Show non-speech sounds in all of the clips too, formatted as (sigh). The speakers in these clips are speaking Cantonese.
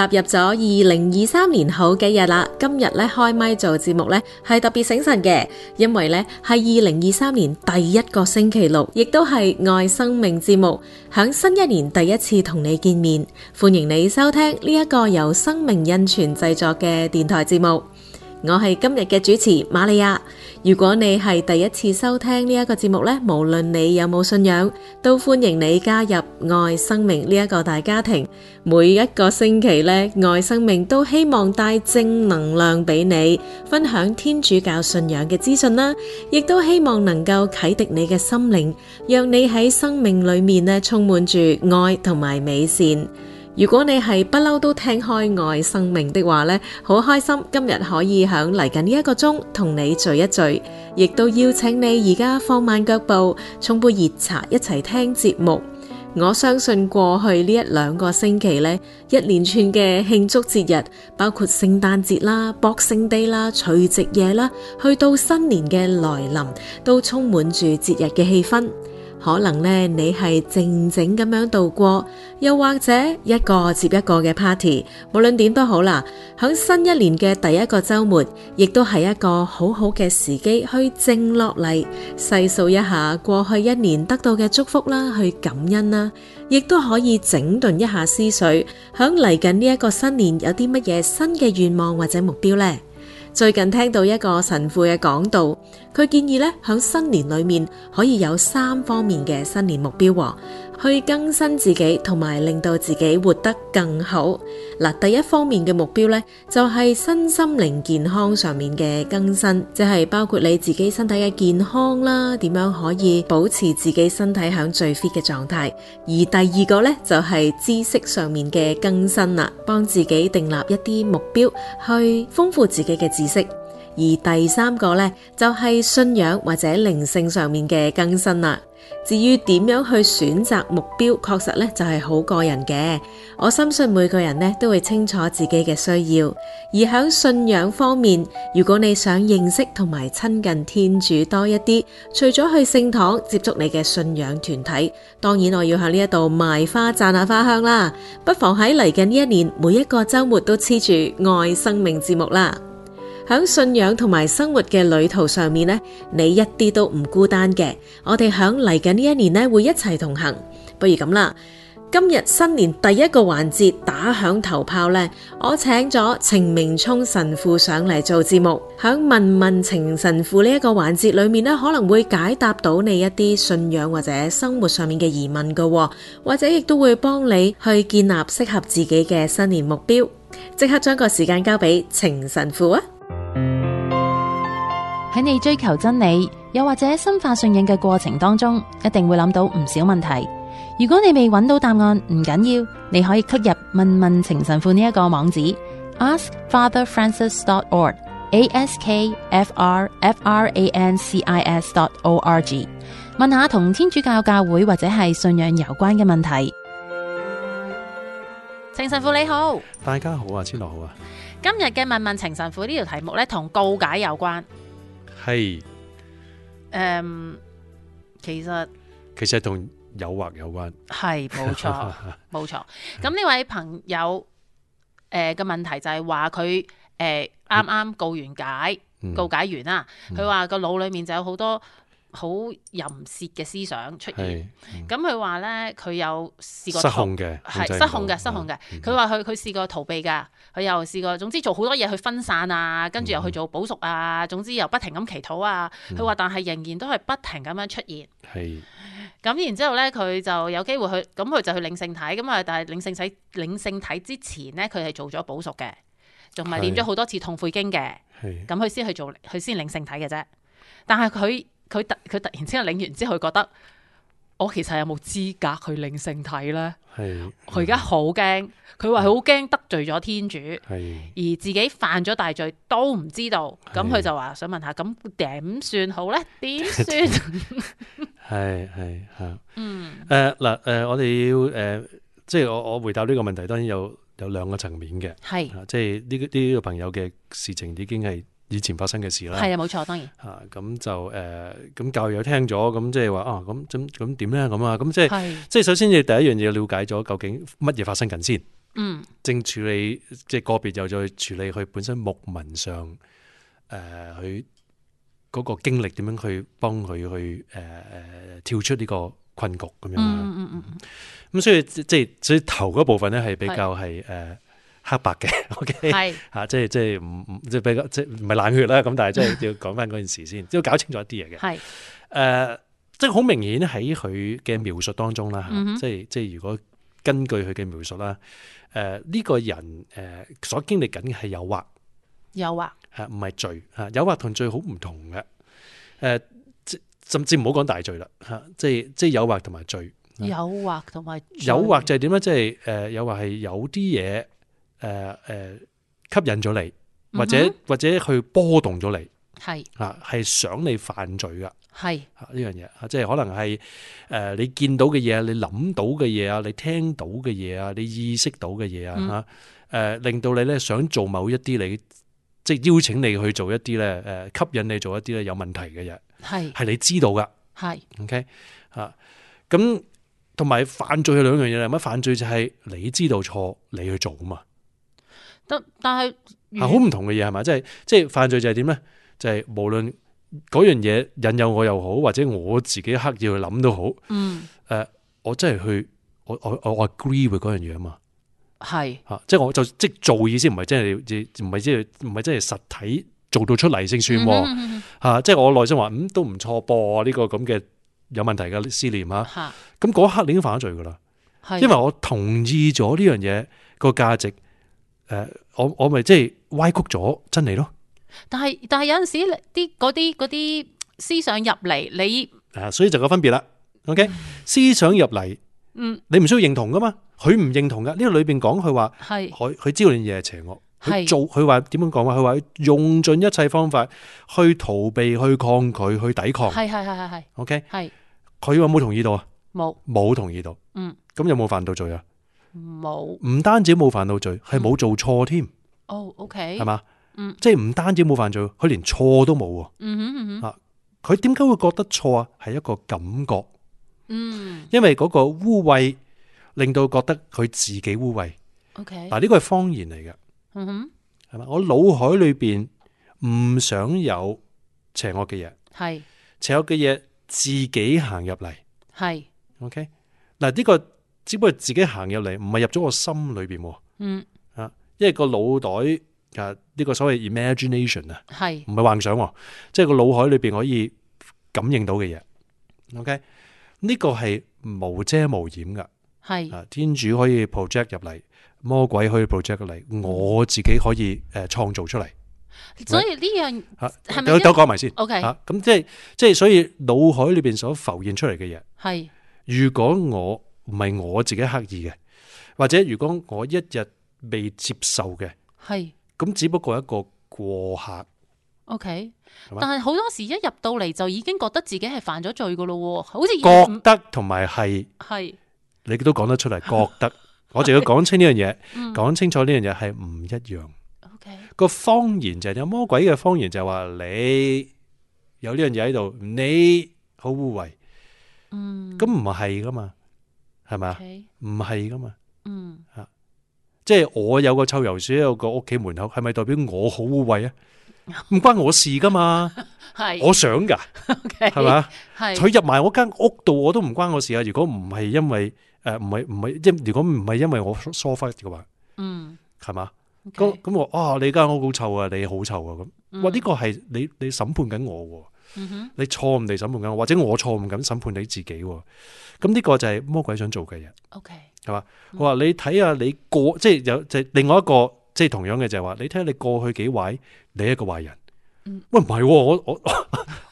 踏入咗二零二三年好幾日啦，今日咧，開咪做節目咧係特別醒神嘅，因為咧係二零二三年第一個星期六，亦都係愛生命節目響新一年第一次同你見面，歡迎你收聽呢一個由生命恩泉製作嘅電台節目。我係今日嘅主持瑪利亞。如果你係第一次收聽呢一個節目咧，無論你有冇信仰，都歡迎你加入愛生命呢一個大家庭。每一個星期咧，愛生命都希望帶正能量俾你，分享天主教信仰嘅資訊啦，亦都希望能夠啟迪你嘅心靈，讓你喺生命裏面咧充滿住愛同埋美善。如果你係不嬲都聽開愛生命的話咧，好開心今日可以響嚟緊呢一個鐘同你聚一聚，亦都邀請你而家放慢腳步，沖杯熱茶一齊聽節目。我相信過去呢一兩個星期呢，一連串嘅慶祝節日，包括聖誕節啦、博聖地啦、除夕夜啦，去到新年嘅來臨，都充滿住節日嘅氣氛。可能呢，你係靜靜咁樣度過，又或者一個接一個嘅 party，無論點都好啦。響新一年嘅第一個周末，亦都係一個好好嘅時機去靜落嚟，細數一下過去一年得到嘅祝福啦，去感恩啦，亦都可以整頓一下思緒，響嚟緊呢一個新年有啲乜嘢新嘅願望或者目標呢？最近聽到一個神父嘅講道，佢建議咧喺新年裏面可以有三方面嘅新年目標喎。去更新自己同埋令到自己活得更好。嗱，第一方面嘅目標呢，就係身心靈健康上面嘅更新，即係包括你自己身體嘅健康啦，點樣可以保持自己身體響最 fit 嘅狀態。而第二個呢，就係知識上面嘅更新啦，幫自己訂立一啲目標去豐富自己嘅知識。而第三個呢，就係信仰或者靈性上面嘅更新啦。至於點樣去選擇目標，確實咧就係好個人嘅。我深信每個人咧都會清楚自己嘅需要。而響信仰方面，如果你想認識同埋親近天主多一啲，除咗去聖堂接觸你嘅信仰團體，當然我要向呢一度賣花讚下花香啦。不妨喺嚟緊呢一年，每一個周末都黐住愛生命節目啦。喺信仰同埋生活嘅旅途上面咧，你一啲都唔孤單嘅。我哋響嚟緊呢一年咧，會一齊同行。不如咁啦，今日新年第一個環節打響頭炮咧，我請咗程明聰神父上嚟做節目。響問問程神父呢一個環節裏面咧，可能會解答到你一啲信仰或者生活上面嘅疑問噶，或者亦都會幫你去建立適合自己嘅新年目標。即刻將個時間交俾程神父啊！喺你追求真理，又或者深化信仰嘅過程當中，一定會諗到唔少問題。如果你未揾到答案，唔緊要，你可以 click 入問問情神父呢一個網址 askfatherfrancis.org，askf r f r a n c i s.org，問下同天主教教會或者係信仰有關嘅問題。情神父你好，大家好啊，千樂好啊！今日嘅問問情神父呢條題目呢，同告解有關。係，誒是，um, 其實其實同誘惑有關，係冇錯，冇錯。咁呢 (laughs) 位朋友，誒嘅問題就係話佢，誒啱啱告完解，告解完啦，佢話個腦裏面就有好多。好淫褻嘅思想出現，咁佢話咧，佢、嗯、有試過失控嘅，係是失控嘅，失控嘅。佢話佢佢試過逃避㗎，佢又試過，嗯、總之做好多嘢去分散啊，跟住又去做補贖啊，嗯、總之又不停咁祈禱啊。佢話、嗯、但係仍然都係不停咁樣出現。係、嗯。咁然之後咧，佢就有機會去，咁佢就去領聖體，咁啊，但係領聖洗、領聖體之前咧，佢係做咗補贖嘅，仲係念咗好多次痛悔經嘅，咁佢先去做，佢先領聖體嘅啫。但係佢。佢突佢突然之間領完之後，佢覺得我其實有冇資格去領聖體咧？係是。佢而家好驚，佢話好驚得罪咗天主，係是。而自己犯咗大罪都唔知道，咁佢是就話想問下，咁點算好咧？點算？係係吓， (laughs) 嗯誒嗱誒，我哋要誒、呃，即係我我回答呢個問題，當然有有兩個層面嘅，係是，即係呢、這個呢、這個朋友嘅事情已經係。以前發生嘅事啦，係啊，冇錯，當然嚇咁、啊、就誒咁、呃、教友又聽咗，咁即係話啊咁咁咁點咧咁啊咁即係即係首先要第一樣嘢了解咗究竟乜嘢發生緊先，嗯，正處理即係個別又再處理佢本身牧民上誒佢嗰個經歷點樣去幫佢去誒誒跳出呢個困局咁樣，嗯嗯咁、嗯嗯嗯嗯、所以即係所以頭嗰部分咧係比較係誒。是黑白嘅，OK，係吓是、啊，即係即係唔唔，即係比較即係唔係冷血啦。咁但係即係要講翻嗰件事先， (laughs) 要搞清楚一啲嘢嘅。係誒是、呃，即係好明顯喺佢嘅描述當中啦、嗯哼，即係即係如果根據佢嘅描述啦，誒、呃、呢、這個人誒所經歷緊嘅係誘惑，誘惑吓唔係罪，有誘、啊、惑同罪好唔同罪好唔同嘅。誒、啊，甚至唔好講大罪啦吓、啊，即係即係誘惑同埋罪，誘、啊、惑同埋誘惑就係點咧？即係誒，誘、呃、惑係有啲嘢。誒誒、呃，吸引咗你，或者或者去波動咗你，係吓係想你犯罪噶，係呢樣嘢吓，即係可能係誒、呃、你見到嘅嘢，你諗到嘅嘢啊，你聽到嘅嘢啊，你意識到嘅嘢啊吓，誒、mm hmm. 呃、令到你咧想做某一啲你即係邀請你去做一啲咧，誒、呃、吸引你做一啲咧有問題嘅嘢，係係是你知道噶，係是 OK 吓咁同埋犯罪係兩樣嘢嚟，乜犯罪就係你知道錯你去做啊嘛。但但係係好唔同嘅嘢係嘛，即係即係犯罪就係點咧？就係、是、無論嗰樣嘢引誘我又好，或者我自己刻意去諗都好，嗯，誒、呃，我真係去，我我我 agree 會嗰樣嘢啊嘛，係、就、吓、是，即係我就即、是、做意思真，唔係真係唔係即係唔係真係實體做到出嚟先算，吓、嗯哼，即係、啊就是、我內心話，嗯，都唔錯噃呢個咁嘅有問題嘅思念啊，咁嗰刻你已經犯咗罪噶啦，的因為我同意咗呢樣嘢個價值。誒，我我咪即係歪曲咗真理咯。但係但係有陣時啲嗰啲啲思想入嚟，你誒，所以就有分別啦。O K，思想入嚟，嗯，你唔需要認同噶嘛？佢唔認同噶。呢個裏邊講佢話係佢佢係知道你嘢係邪惡，佢係做佢話點樣講話？佢話用盡一切方法去逃避、去抗拒、去抵抗。係係係係係。O K，係佢有冇同意到啊？冇冇冇同意到。嗯，咁有冇犯到罪啊？冇，唔單止冇犯到罪，係冇做錯添。哦，OK，係嘛？嗯，即係唔單止冇犯罪，佢連錯都冇。嗯哼，嗯哼，啊，佢點解會覺得錯啊？係一個感覺，嗯，因為嗰個污穢令到覺得佢自己污穢。OK，嗱，呢個係方言嚟嘅。係嘛，我腦海裏邊唔想有邪惡嘅嘢，係邪惡嘅嘢自己行入嚟，係 OK，嗱呢個。只不過自己行入嚟，唔係入咗我心裏邊，嗯啊，因為個腦袋啊呢、這個所謂 imagination 啊是，係唔係幻想，即係個腦海裏邊可以感應到嘅嘢。OK，呢個係無遮無掩噶，係啊是，天主可以 project 入嚟，魔鬼可以 project 入嚟，我自己可以誒創造出嚟。所以呢樣，啊，係咪都講埋先？OK，吓咁即係即係，所以腦海裏邊所浮現出嚟嘅嘢，係是如果我。唔係我自己刻意嘅，或者如果我一日未接受嘅，係咁只不過一個過客。OK，但係好多時一入到嚟就已經覺得自己係犯咗罪噶咯，好似覺得同埋係係你都講得出嚟，覺得我就要講清呢樣嘢，講清楚呢樣嘢係唔一樣。OK，個謊言就係有魔鬼嘅謊言，就係話你有呢樣嘢喺度，你好污穢。嗯，咁唔係噶嘛。係嘛？唔係噶嘛？嗯，啊，即係我有個臭油水喺我個屋企門口，係咪代表我好污穢啊？唔關我事噶嘛？係，我想噶，係嘛？佢入埋我間屋度，我都唔關我事啊！如果唔係因為誒唔係唔係即如果唔係因為我疏忽嘅話，嗯，係嘛？咁咁我啊你間屋好臭啊，你好臭啊咁，哇！呢個係你你審判緊我喎。你錯誤地審判緊，或者我錯誤咁審判你自己，咁呢個就係魔鬼想做嘅嘢。OK，係嘛？我話你睇下你過，即係有就係另外一個，即係同樣嘅就係話你睇下你過去幾壞，你係一個壞人。喂，唔係我我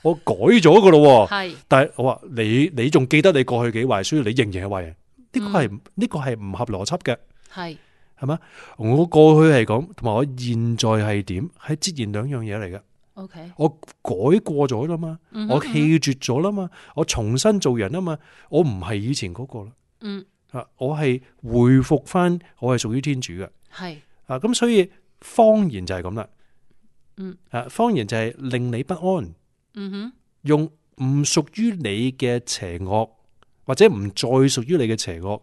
我改咗噶咯，係。但係我話你你仲記得你過去幾壞，所以你仍然係壞人。呢個係呢個係唔合邏輯嘅，係，係嘛？我過去係咁，同埋我現在係點，係截然兩樣嘢嚟嘅。OK，我改過咗啦嘛，嗯、哼我棄絕咗啦嘛，嗯、哼我重新做人啦嘛，我唔係以前嗰個啦，嗯，啊，我係回復翻，我係屬於天主嘅，係是，啊，咁所以方言就係咁啦，嗯，啊，方言就係令你不安，嗯哼，用唔屬於你嘅邪惡或者唔再屬於你嘅邪惡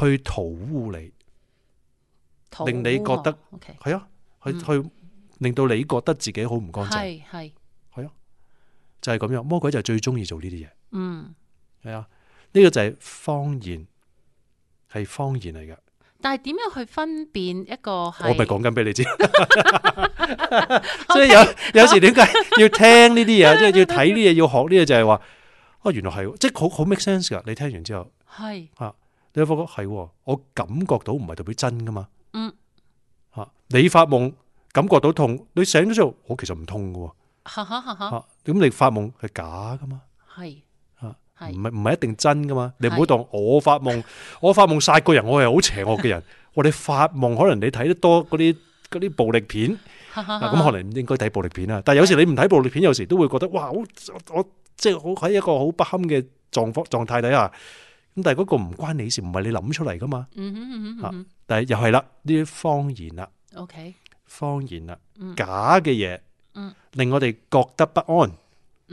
去塗污你，乎令你覺得係、嗯 okay，啊，去去。嗯令到你覺得自己好唔乾淨，係係係咯，就係咁樣，魔鬼就最中意做呢啲嘢。嗯，係啊，呢個就係謊言，係謊言嚟噶。但係點樣去分辨一個？我咪講緊俾你知，所以有有時點解要聽呢啲嘢，即係要睇呢嘢，要學呢嘢，就係話哦，原來係即係好好 make sense 噶。你聽完之後係啊，你發覺係我感覺到唔係特別真噶嘛？嗯，啊，你發夢。感覺到痛，你醒咗之後，我其實唔痛噶。咁你發夢係假噶嘛？係，唔係唔係一定真噶嘛？你唔好當我發夢，我發夢殺個人，我係好邪惡嘅人。我哋你發夢，可能你睇得多嗰啲嗰啲暴力片，咁可能唔應該睇暴力片啦。但係有時你唔睇暴力片，有時都會覺得哇，好我即係好喺一個好不堪嘅狀況狀態底下。咁但係嗰個唔關你事，唔係你諗出嚟噶嘛。但係又係啦，呢啲方言啦。OK。謊言啦，假嘅嘢，嗯、令我哋覺得不安。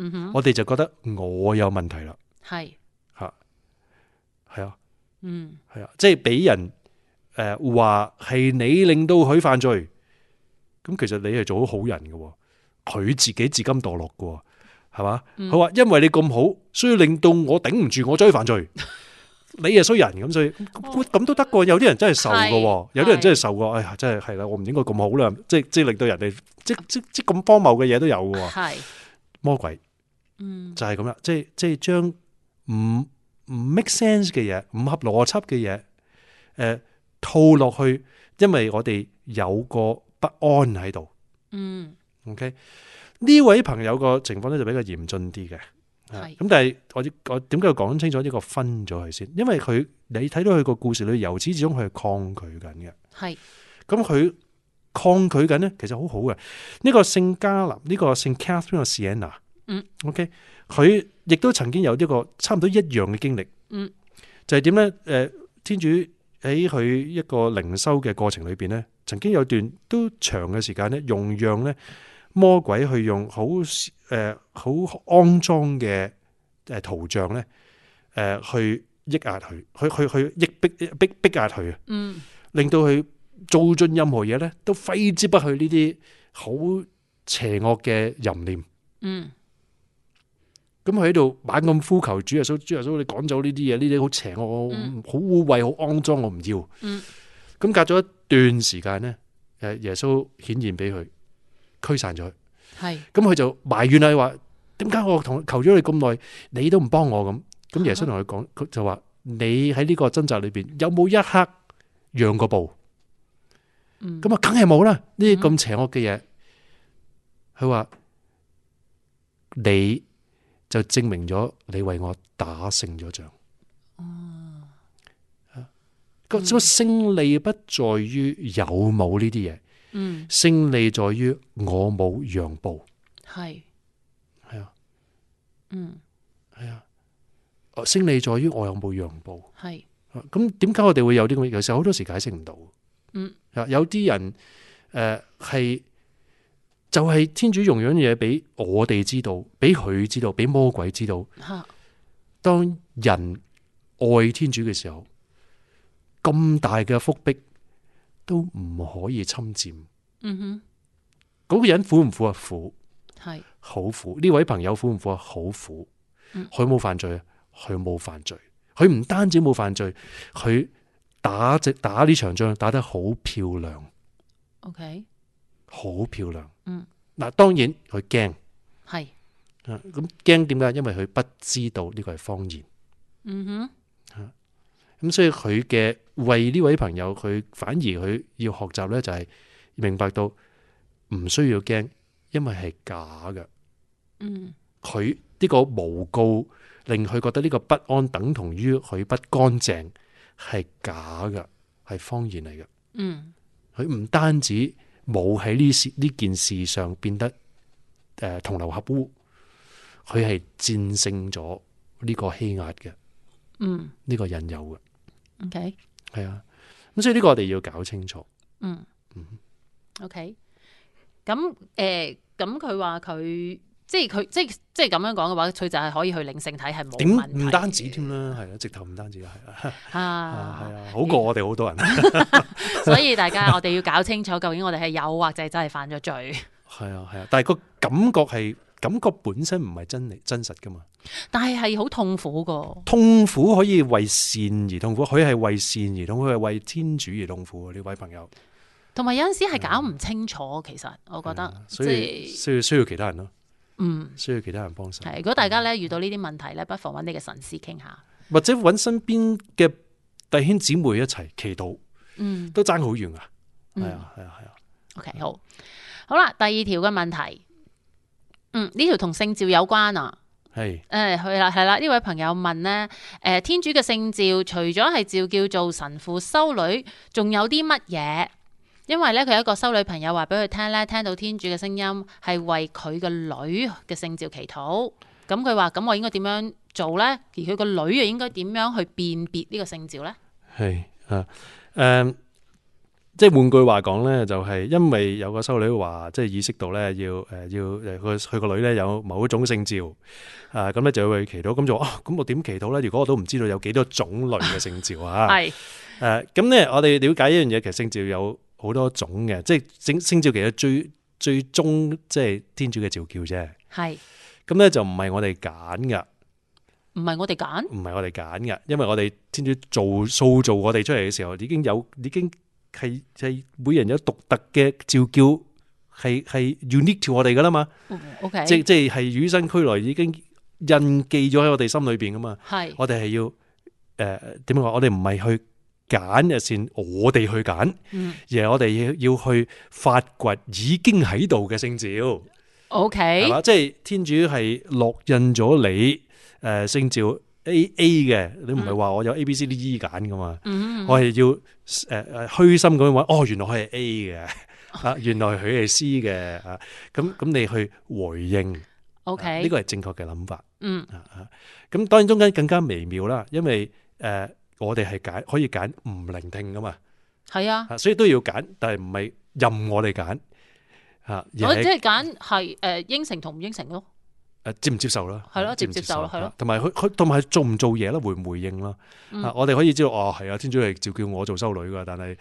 嗯、哼我哋就覺得我有問題啦。係吓是，係啊，啊嗯，係啊，即係俾人誒話係你令到佢犯罪，咁其實你係做好好人嘅，佢自己自甘墮落嘅，係嘛？佢話、嗯、因為你咁好，所以令到我頂唔住，我追犯罪。 (laughs) 你係衰人咁，所以咁咁都得過。有啲人真係受過，有啲人真係受過。哎呀，真係係啦，我唔應該咁好啦。即係即係令到人哋即即即咁荒謬嘅嘢，都有嘅。係魔鬼，就係咁啦。即係即係將唔唔 make sense 嘅嘢，唔合邏輯嘅嘢，誒，套落去，因為我哋有個不安喺度。嗯，OK，呢位朋友個情況咧就比較嚴峻啲嘅。咁是但係我我點解要講清楚呢個分咗佢先？因為佢你睇到佢個故事裏，由始至終佢係抗拒緊嘅。係是，咁佢抗拒緊咧，其實好好嘅。呢、這個聖加納，呢、這個聖 Catherine 嘅 Sienna 嗯，OK，佢亦都曾經有呢個差唔多一樣嘅經歷，嗯，就係點咧？誒、呃，天主喺佢一個靈修嘅過程裏邊咧，曾經有段都長嘅時間咧，用樣咧。魔鬼去用好，誒好骯髒嘅誒圖像咧，誒去抑壓佢，去去去抑逼逼逼壓佢，嗯，令到佢做盡任何嘢咧都揮之不去呢啲好邪惡嘅淫念，嗯，咁佢喺度猛咁呼求主耶穌，主耶穌，你趕走呢啲嘢，呢啲好邪惡，好污穢，好骯髒，我唔要，嗯，咁隔咗一段時間咧，誒耶穌顯現俾佢。驅散咗佢，係咁佢就埋怨啊！佢話點解我同求咗你咁耐，你都唔幫我咁？咁耶穌同佢講，佢就話你喺呢個掙扎裏邊有冇一刻讓過步？咁啊，梗係冇啦！呢啲咁邪惡嘅嘢，佢話你就證明咗你為我打勝咗仗。哦，個個勝利不在於有冇呢啲嘢。嗯，勝利在於我冇讓步，係係是啊，嗯係啊，勝利在於我有冇讓步，係是，咁點解我哋會有啲咁？有時候好多時解釋唔到，嗯，啊、有啲人誒係、啊、就係、是、天主用樣嘢俾我哋知道，俾佢知道，俾魔鬼知道，啊、當人愛天主嘅時候，咁大嘅福逼。都唔可以侵占。嗯哼，嗰個人苦唔苦啊？苦係好是苦。呢位朋友苦唔苦啊？好苦。佢冇、嗯、犯罪，佢冇犯罪。佢唔單止冇犯罪，佢打直打呢場仗，打得好漂亮。OK，好漂亮。嗯，嗱，當然佢驚係啊，咁驚點解？因為佢不知道呢個係謊言。嗯哼，吓、啊。咁所以佢嘅為呢位朋友，佢反而佢要學習咧，就係明白到唔需要驚，因為係假嘅。嗯，佢呢個誣告令佢覺得呢個不安等同於佢不乾淨，係假嘅，係謊言嚟嘅。嗯，佢唔單止冇喺呢事呢件事上變得誒、呃、同流合污，佢係戰勝咗呢個欺壓嘅。嗯，呢個引誘嘅。OK，係啊，咁所以呢個我哋要搞清楚。嗯，OK，咁誒，咁佢話佢即係佢即係即係咁樣講嘅話，佢就係可以去靈性睇係冇問題，點唔單止添啦，係啊，直頭唔單止係啊，係啊，啊，啊，好過我哋好多人。 (laughs) (laughs) (laughs) 所以大家我哋要搞清楚，究竟我哋係有，或者真係犯咗罪。係啊，係啊，但係個感覺係。感覺本身唔係真真實噶嘛，但係係好痛苦噶。痛苦可以為善而痛苦，佢係為善而痛苦，佢係為天主而痛苦。呢位朋友，同埋有陣時係搞唔清楚，係嘅，其實我覺得，所以即係需要其他人咯。嗯，需要其他人、嗯、其他人幫手。係如果大家咧遇到呢啲問題咧，不妨揾你嘅神師傾下，或者揾身邊嘅弟兄姊妹一齊祈禱。嗯、都爭好遠噶，係啊係啊係啊。OK，好，好啦，第二條嘅問題。嗯，呢條同聖召有關啊，係誒是，係啦、嗯，係啦，呢位朋友問呢，誒、呃，天主嘅聖召除咗係召叫做神父修女，仲有啲乜嘢？因為呢，佢有一個修女朋友話俾佢聽呢，聽到天主嘅聲音係為佢個女嘅聖召祈禱，咁佢話，咁我應該點樣做呢？而佢個女又應該點樣去辨別呢個聖召呢？」係、啊、誒。呃即係換句話講咧，就係因為有個修女話，即係意識到咧要誒，要誒，佢佢個女咧有某一種聖召啊，咁咧就會祈禱。咁就啊，咁我點祈禱咧？如果我都唔知道有幾多種類嘅聖召啊，係誒，咁咧我哋了解一樣嘢，其實聖召有好多種嘅，即係聖聖召其實最最終即係天主嘅召叫啫。係咁咧，就唔係我哋揀噶，唔係我哋揀，唔係我哋揀噶，因為我哋天主做塑造我哋出嚟嘅時候，已經有已經。係係每人有獨特嘅召叫，係係 unique to 我哋噶啦嘛，Okay 即即係與生俱來已經印記咗喺我哋心裏邊噶嘛。係是我哋係要誒點樣話？我哋唔係去揀嘅，先我哋去揀，嗯、而係我哋要去發掘已經喺度嘅聖召。O K，係嘛？即係天主係落印咗你誒、呃、聖召。A A 嘅，你唔係話我有 A B CD E 揀噶嘛？我係要誒誒虛心咁樣話哦，原來我係 A 嘅啊，原來佢係 C 嘅啊，咁咁你去回應，OK 呢個係正確嘅諗法。嗯啊啊，咁當然中間更加微妙啦，因為誒我哋係揀可以揀唔聆聽噶嘛，係啊，所以都要揀，但係唔係任我哋揀啊，我只係揀係誒應承同唔應承咯。接唔接受啦？係咯的，接唔接受啦？係咯的。同埋佢佢，同埋的做唔做嘢啦？回唔回應啦？啊、嗯，我哋可以知道哦，係啊，天主爺召叫我做修女噶，但係誒、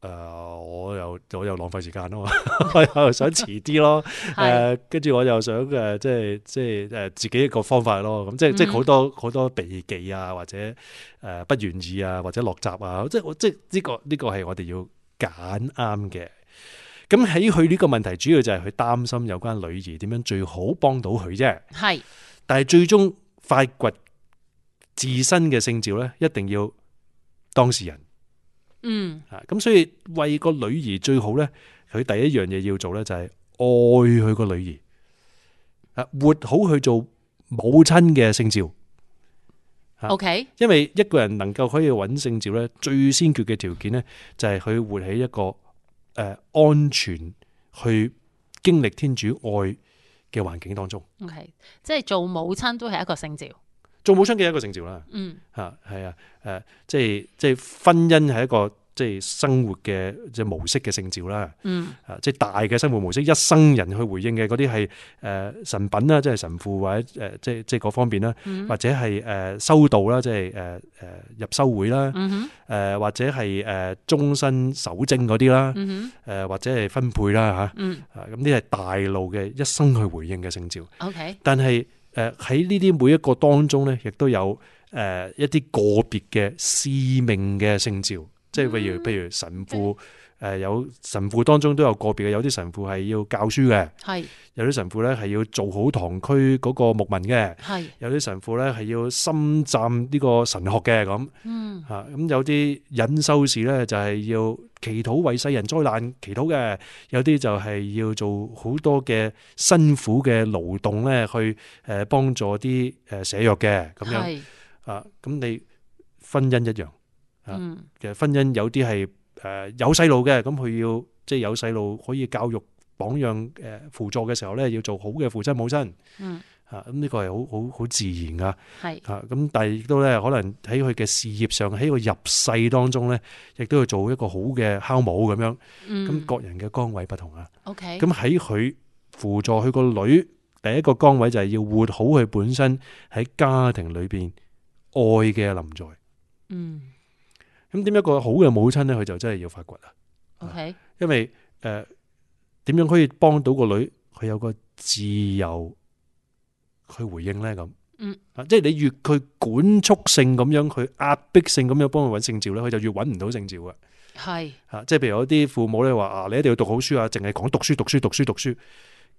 呃，我又我又浪費時間啊，我又想遲啲咯，誒、呃，跟住我又想誒，即係即係誒，自己一個方法咯，咁、呃、即係即係好多好、嗯、多避忌啊，或者誒、呃，不願意啊，或者落閘啊，即係、這個這個、我即係呢個呢個係我哋要揀啱嘅。咁喺佢呢個問題，主要就係佢擔心有關女兒點樣最好幫到佢啫。係，但係最終發掘自身嘅聖召咧，一定要當事人。嗯，啊，咁所以為個女兒最好咧，佢第一樣嘢要做咧，就係愛佢個女兒，啊，活好去做母親嘅聖召。O K，因為一個人能夠可以揾聖召咧，最先決嘅條件咧，就係佢活喺一個。誒、呃，安全去經歷天主愛嘅環境當中，OK，即係做母親都係一個聖召，做母親嘅一個聖召啦。嗯，啊，係啊，誒、呃，即係即係婚姻係一個。即係生活嘅即係模式嘅聖召啦，啊，即係大嘅生活模式，一生人去回應嘅嗰啲係誒神品啦，即係神父或者誒即即係嗰方面啦，或者係誒修道啦，即係誒誒入修會啦，誒或者係誒終身守貞嗰啲啦，誒或者係分配啦嚇，咁呢啲係大路嘅一生去回應嘅聖召。OK，但係誒喺呢啲每一個當中咧，亦都有誒一啲個別嘅使命嘅聖召。即係譬如譬如神父誒、嗯呃，有神父當中都有個別嘅，有啲神父係要教書嘅，係是有啲神父咧係要做好堂區嗰個牧民嘅，係是有啲神父咧係要深湛呢個神學嘅咁，嗯吓咁、啊、有啲隱修士咧就係、是、要祈禱為世人災難祈禱嘅，有啲就係要做好多嘅辛苦嘅勞動咧去誒、呃、幫助啲誒寫藥嘅咁樣，是啊咁你婚姻一樣。嘅婚姻有啲係誒有細路嘅，咁佢要即係有細路可以教育、榜樣、誒輔助嘅時候咧，要做好嘅父親母親。嗯，吓咁呢個係好好好自然噶。係吓咁，但係亦都咧可能喺佢嘅事業上，喺個入世當中咧，亦都要做一個好嘅酵母咁樣。嗯，咁各人嘅崗位不同啊。OK。咁喺佢輔助佢個女，第一個崗位就係要活好佢本身喺家庭裏邊愛嘅臨在。嗯。咁點解一個好嘅母親咧，佢就真係要發掘啦。OK，因為誒，呃、點樣可以幫到個女，佢有個自由去回應咧？咁嗯，啊，mm. 即係你越佢管束性咁樣，去壓迫性咁樣幫佢搵聖召咧，佢就越搵唔到聖召啊。係啊是，即係譬如有啲父母咧話啊，你一定要讀好書啊，淨係講讀書、讀書、讀書、讀書，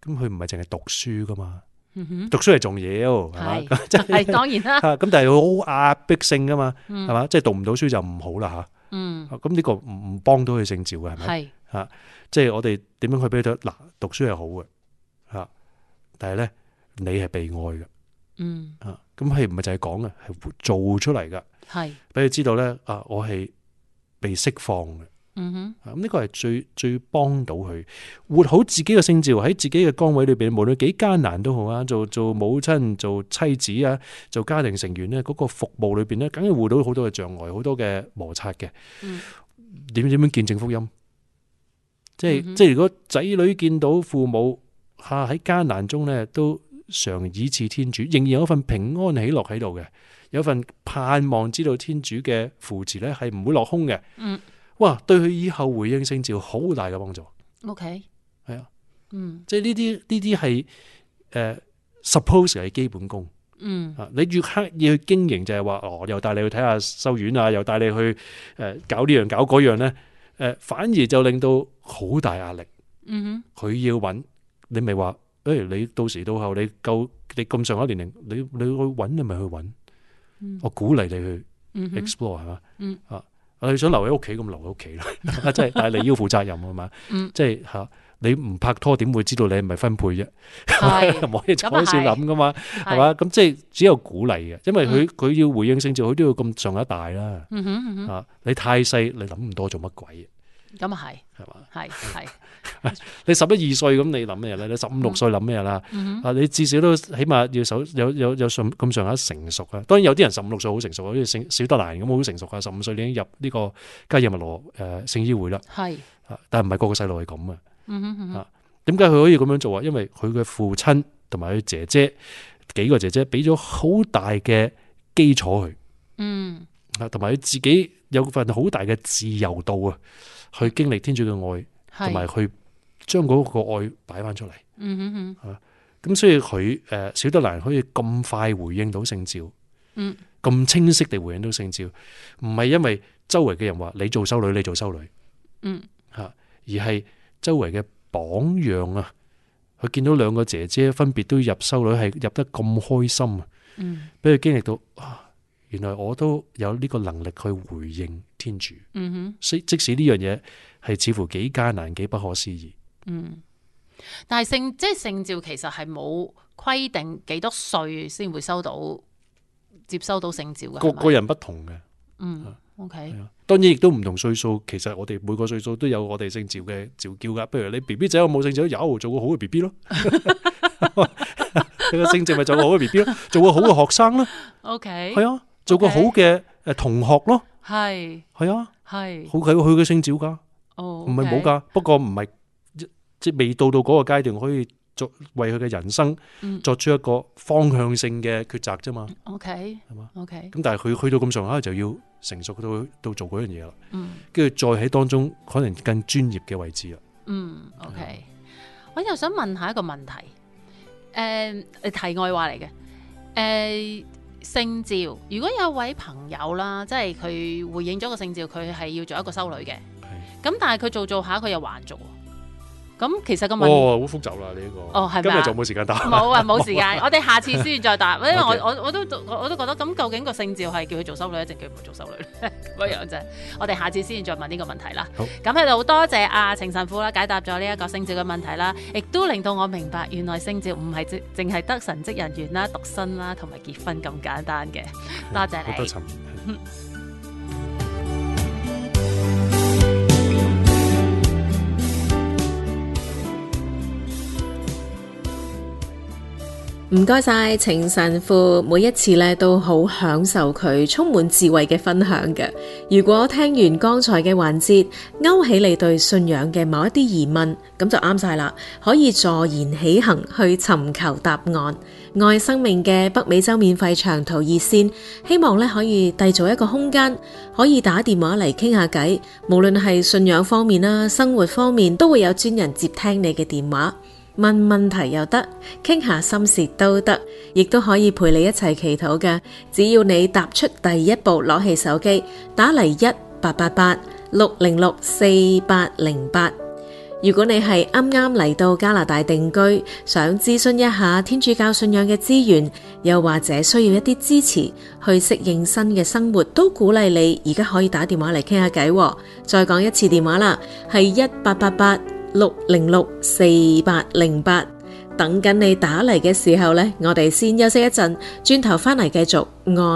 咁佢唔係淨係讀書噶嘛。嗯、讀書係做嘢哦，係，係當然啦。咁但係好壓迫性噶嘛，係嘛，即係讀唔到書就唔好啦吓。咁呢個唔唔幫到佢姓趙嘅係咪？啊，即係我哋點樣去俾佢嗱讀書係好嘅，啊，但係咧你係被愛嘅，嗯，咁係唔係就係講嘅，係、啊、做出嚟嘅，係俾佢知道咧啊，我係被釋放嘅。嗯哼，呢個係最最幫到佢活好自己嘅聖召，喺自己嘅崗位裏邊，無論幾艱難都好啊！做做母親、做妻子啊、做家庭成員呢，嗰、那個服務裏邊呢，梗係會遇到好多嘅障礙、好多嘅摩擦嘅。嗯，點點點見證福音，嗯、哼即係即係如果仔女見到父母吓喺、啊、艱難中呢，都常倚恃天主，仍然有一份平安喜樂喺度嘅，有份盼望知道天主嘅扶持呢，係唔會落空嘅。嗯哇，對佢以後回應性照好大嘅幫助。OK，係啊，嗯，即係呢啲呢啲係誒，suppose 係基本功。嗯，啊，你越刻意去經營就係話哦，又帶你去睇下修院啊，又帶你去誒、呃、搞呢樣搞嗰樣咧，誒、呃、反而就令到好大壓力。嗯哼，佢要揾你咪話不如你到時到後你夠你咁上一年齡，你你去揾你咪去揾。嗯、我鼓勵你去 explore 係嘛、嗯哼，吧嗯啊。你想留喺屋企，咁留喺屋企啦即係，但係你要負責任啊嘛，即係吓你唔拍拖點會知道你係咪分配啫，唔 (laughs) 是 (laughs) 可以開始諗噶嘛，係嘛？咁即係只有鼓勵嘅，是因為佢佢要回應性照佢都要咁上一大啦， (laughs) 你太細，你諗唔多做乜鬼咁係係嘛，係係吧 (laughs) 你十一二歲咁，你諗咩咧？你十五六歲諗咩啦？啊，嗯、你至少都起碼要有有有上咁上下成熟啊。當然有啲人十五六歲好成熟啊，好似聖小德蘭咁好成熟噶。十五歲已經入呢個加爾默羅誒聖衣會啦，係是但係唔係個個細路係咁啊。啊、嗯，點解佢可以咁樣做啊？因為佢嘅父親同埋佢姐姐幾個姐姐俾咗好大嘅基礎佢，嗯，同埋佢自己有份好大嘅自由度啊。去經歷天主嘅愛，同埋去將嗰個愛擺翻出嚟。嗯咁是、啊、所以佢誒，小德蘭可以咁快回應到聖召，嗯，咁清晰地回應到聖召，唔係因為周圍嘅人話你做修女你做修女，你做修女嗯吓、啊，而係周圍嘅榜樣啊，佢見到兩個姐姐分別都入修女係入得咁開心啊，俾佢、嗯、經歷到。啊原來我都有呢個能力去回應天主，所以即使呢樣嘢係似乎幾艱難幾不可思議，但係聖即係聖召其實係冇規定幾多歲先會收到接收到聖召嘅，個個人不同嘅。嗯，OK，當然亦都唔同歲數。其實我哋每個歲數都有我哋聖召嘅召叫噶。不如你 B B 仔有冇聖召？有，做個好嘅 B B 咯。你個聖召咪做個好嘅 B B 咯，做個好嘅學生咯。OK，係啊。做個好嘅誒同學咯，係係啊，係好佢佢嘅成就噶，哦，唔係冇噶，不過唔係即未到到嗰個階段可以作為佢嘅人生作出一個方向性嘅抉擇啫嘛，OK 係嘛，OK 咁但係佢去到咁上下就要成熟到到做嗰樣嘢啦，嗯，跟住再喺當中可能更專業嘅位置啦，嗯，OK 我又想問下一個問題，誒題外話嚟嘅，誒。聖召，如果有位朋友啦，即係佢回應咗個聖召，佢係要做一個修女嘅，咁但係佢做一做下，佢又還俗。咁其實個問，哇、哦，好複雜啦、啊！呢、呢個，哦，係今日就冇時間答，冇啊，冇時間。 (laughs) 我哋下次先再答， (laughs) 因為我我我都我都覺得咁究竟個聖召係叫佢做修女，定叫唔做修女咁 (laughs) 樣啫子？ (laughs) 我哋下次先再問呢個問題啦。好，咁喺度多謝阿程神父啦，解答咗呢一個聖召嘅問題啦，亦都令到我明白，原來聖召唔係淨淨係得神職人員啦、獨身啦同埋結婚咁簡單嘅。多謝你。多謝、嗯。 (laughs) 唔該晒，謝謝情神父，每一次咧都好享受佢充滿智慧嘅分享嘅。如果聽完剛才嘅環節勾起你對信仰嘅某一啲疑問，咁就啱晒啦，可以坐言起行去尋求答案。愛生命嘅北美洲免費長途熱線，希望咧可以締造一個空間，可以打電話嚟，傾下偈，無論係信仰方面啦，生活方面都會有專人接聽你嘅電話。問問題又得，傾下心事都得，亦都可以陪你一齊祈禱嘅。只要你踏出第一步，攞起手機打嚟一八八八六零六四八零八。如果你係啱啱嚟到加拿大定居，想諮詢一下天主教信仰嘅資源，又或者需要一啲支持去適應新嘅生活，都鼓勵你而家可以打電話嚟傾下偈。再講一次電話啦，係一八八八，六零六四八零八，等緊你打嚟嘅時候呢，我哋先休息一陣，轉頭翻嚟繼續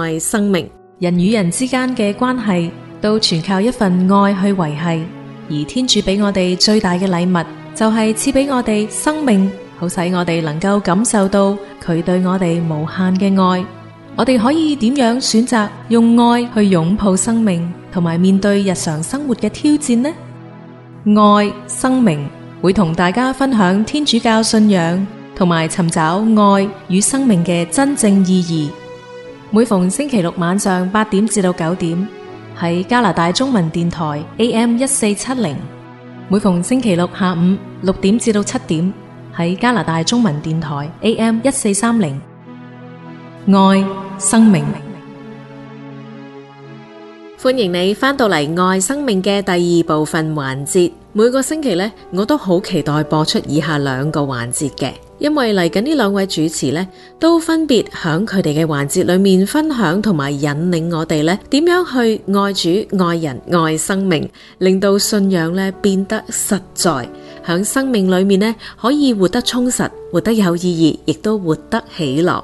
愛生命。人與人之間嘅關係，都全靠一份愛去維繫。而天主俾我哋最大嘅禮物，就係賜俾我哋生命，好使我哋能夠感受到佢對我哋無限嘅愛。我哋可以點樣選擇用愛去擁抱生命，同埋面對日常生活嘅挑戰呢？愛生命會同大家分享天主教信仰同埋尋找愛與生命嘅真正意義。每逢星期六晚上八點至到九點喺加拿大中文電台 AM 一四七零；每逢星期六下午六點至到七點喺加拿大中文電台 AM 一四三零。愛生命。歡迎你返到嚟愛生命嘅第二部分環節。每個星期呢，我都好期待播出以下兩個環節嘅，因為嚟緊呢兩位主持呢，都分別喺佢哋嘅環節裏面分享同埋引領我哋呢點樣去愛主、愛人、愛生命，令到信仰呢變得實在，喺生命裏面呢，可以活得充實、活得有意義，亦都活得喜樂。